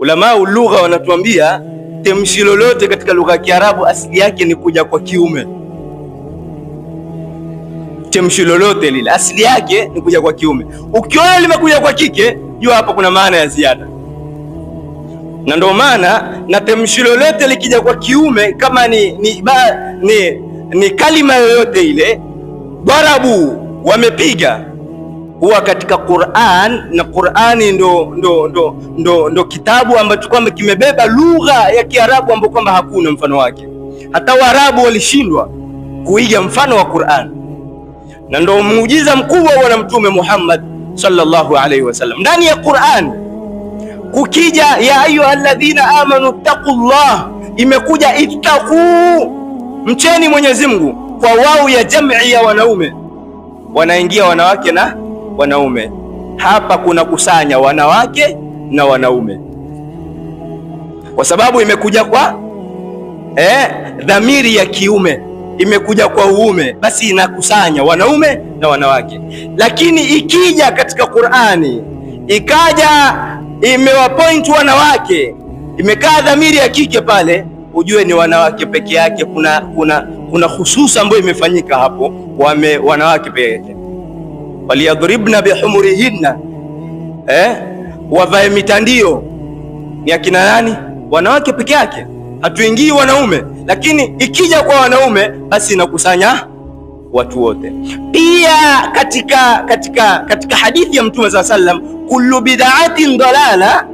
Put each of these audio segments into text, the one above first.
Ulama lugha wanatuambia temshi lolote katika lugha ya Kiarabu asili yake ni kuja kwa kiume. temshi lolote lile asili yake ni kuja kwa kiume. Ukiona limekuja kwa kike, jua hapa kuna maana ya ziada, na ndio maana na temshi lolote likija kwa kiume kama ni, ni, ba, ni, ni kalima yoyote ile, barabu wamepiga huwa katika Qur'an na Qur'ani ndo, ndo, ndo, ndo, ndo kitabu ambacho kwamba kimebeba lugha ya Kiarabu ambayo kwamba hakuna mfano wake. Hata Waarabu walishindwa kuiga mfano wa Qur'an, na ndo muujiza mkubwa wa Mtume Muhammad sallallahu alaihi wasallam ndani ya Qur'an. Kukija ya alladhina amanu taqullah, imekuja ittaqu, mcheni Mwenyezi Mungu kwa wau ya jamii ya wanaume, wanaingia wanawake na wanaume. Hapa kuna kusanya wanawake na wanaume, kwa sababu imekuja kwa eh, dhamiri ya kiume imekuja kwa uume, basi inakusanya wanaume na wanawake. Lakini ikija katika Qur'ani ikaja imewapoint wanawake, imekaa dhamiri ya kike pale, ujue ni wanawake peke yake. Kuna, kuna, kuna hususa ambayo imefanyika hapo, wame wanawake peke yake waliyadhribna bihumurihinna, eh, wavae mitandio. Ni akina nani? Wanawake peke yake, hatuingii wanaume, lakini ikija kwa wanaume basi inakusanya watu wote. Pia katika, katika, katika hadithi ya Mtume saa sallam, kullu bid'atin dalala,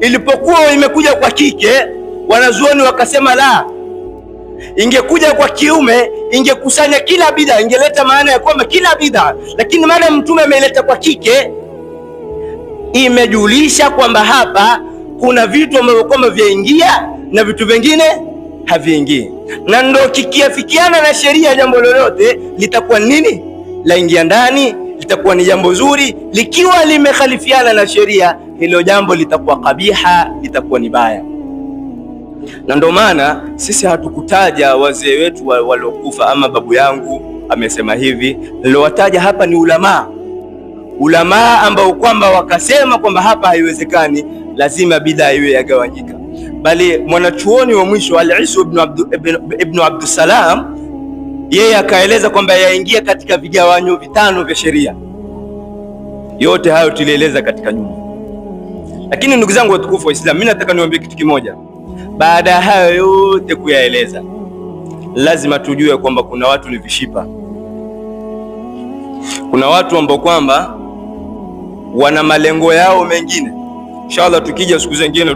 ilipokuwa imekuja kwa kike wanazuoni wakasema la, ingekuja kwa kiume ingekusanya kila bidhaa, ingeleta maana ya kwamba kila bidhaa, lakini maana mtume ameleta kwa kike, imejulisha kwamba hapa kuna vitu ambavyo kwamba vyaingia na vitu vingine haviingii, na ndo kikiafikiana na sheria, jambo lolote litakuwa nini, laingia ndani, litakuwa ni jambo zuri. Likiwa limekhalifiana na sheria, hilo jambo litakuwa kabiha, litakuwa ni baya na ndio maana sisi hatukutaja wazee wetu waliokufa, ama babu yangu amesema hivi. Niliowataja hapa ni ulamaa, ulamaa ambao kwamba wakasema kwamba hapa haiwezekani, lazima bidhaa iwe yagawanyika, bali mwanachuoni wa mwisho Al-Isu ibnu Abdusalam yeye akaeleza kwamba yaingia katika vigawanyo vitano vya sheria. Yote hayo tulieleza katika nyuma, lakini ndugu zangu watukufu wa Islam, mimi nataka niwaambie kitu kimoja. Baada ya hayo yote kuyaeleza, lazima tujue kwamba kuna watu ni vishipa, kuna watu ambao kwamba wana malengo yao mengine. Inshallah, tukija siku zingine